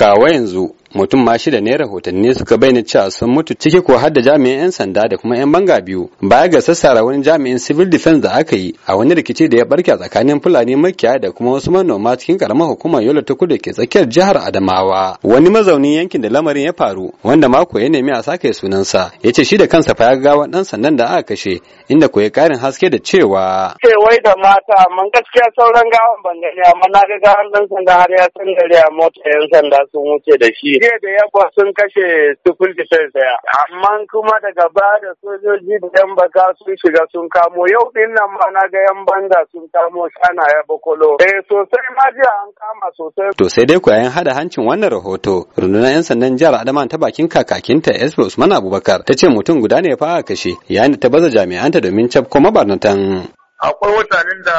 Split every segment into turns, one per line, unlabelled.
kawa yanzu mutum ma shida ne rahotanni suka bayyana cewa sun mutu ciki ko har da jami'in 'yan sanda da kuma 'yan banga biyu baya ga sassara wani jami'in civil defense da aka yi a wani rikici da ya barke tsakanin fulani makiyaya da kuma wasu manoma cikin karamar hukumar yola ta kudu ke tsakiyar jihar adamawa wani mazaunin yankin da lamarin ya faru wanda mako ya nemi a sake sunansa ya ce shi da kansa fa ya gawa dan sandan da aka kashe inda ko ya karin haske da cewa
wai da mata mun gaskiya sauran gawan ban gani amma na ga gawan dan sanda har ya san gari a mota 'yan sanda sun wuce da shi jiya da yamma sun kashe da defense daya amma kuma daga baya da sojoji da yan baka sun shiga sun kamo yau din nan ma na ga yan banda sun kamo shana ya bakolo eh sosai ma jiya an kama sosai to
sai dai ku yayin hada hancin wannan rahoto rundunar yan sandan jihar Adama ta bakin kakakinta SP Usman Abubakar ta ce mutum guda ne ya fara kashe yayin da ta baza jami'anta domin cafko mabarnatan akwai
mutanen da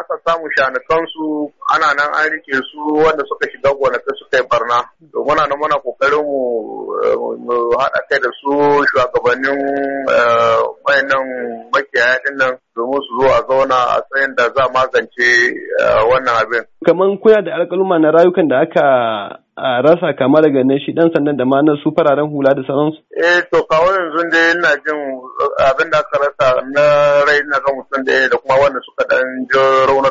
aka samu shanukansu ana nan an rike su wanda suka shiga gonakai suka yi barna to muna nan muna kokarin mu haɗa kai da su shugabannin eh, wayannan makiyaya din nan domin su zo a zauna a tsayin da za magance eh, wannan abin.
Kaman kuna da alkaluma na rayukan da aka rasa kama daga na shi dan sandan da ma na su fararen hula da sauransu?
Eh to kawo yanzu dai ina jin abin da aka rasa na rai na ga mutum da kuma wanda suka dan ji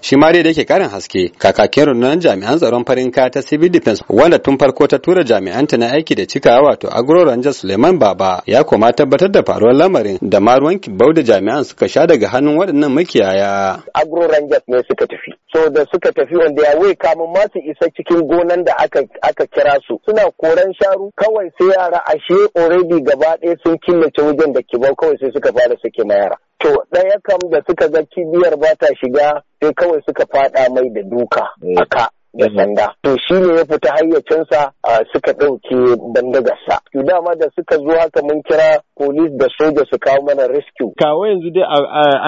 Shi ma da yake karin haske kakakin rundunar jami'an tsaron farin kaya ta civil defense wanda tun farko ta tura jami'anta na aiki da cikawa wato agro ranger Suleiman Baba ya koma tabbatar da faruwar lamarin da ma ruwan kibau da jami'an suka sha daga hannun waɗannan makiyaya.
Agro rangers ne suka tafi. So da suka tafi wanda ya wai kamun masu isa cikin gonan da aka aka kira su suna koran sharu kawai sai yara ashe already gaba ɗaya sun killace wajen da kibau kawai sai suka fara suke mayara To ɗaya kam da suka ga kibiyar ba ta shiga sai kawai suka faɗa mai da duka eh. a ka. da sanda. To shi ne ya fita hayyacinsa suka ɗauke bandagarsa. To dama da suka zo haka mun kira polis da soja su kawo mana rescue. Kawo
yanzu dai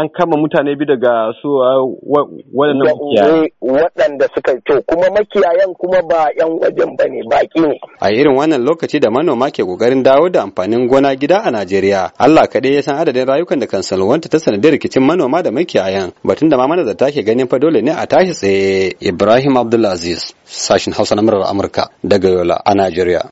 an kama mutane bi daga su waɗannan makiyaya. Eh,
waɗanda suka to kuma makiyayan kuma ba 'yan wajen ba ne baƙi ne.
A irin wannan lokaci da manoma ke ƙoƙarin dawo da amfanin gona gida a Najeriya. Allah kaɗai ya san adadin rayukan da kan salwanta ta sanadin rikicin manoma da makiyayan. Batun da ma manazarta ke ganin fa dole ne a tashi tsaye. Ibrahim Abdullah Abdulaziz sashin Hausa na murar Amurka daga Yola a Najeriya.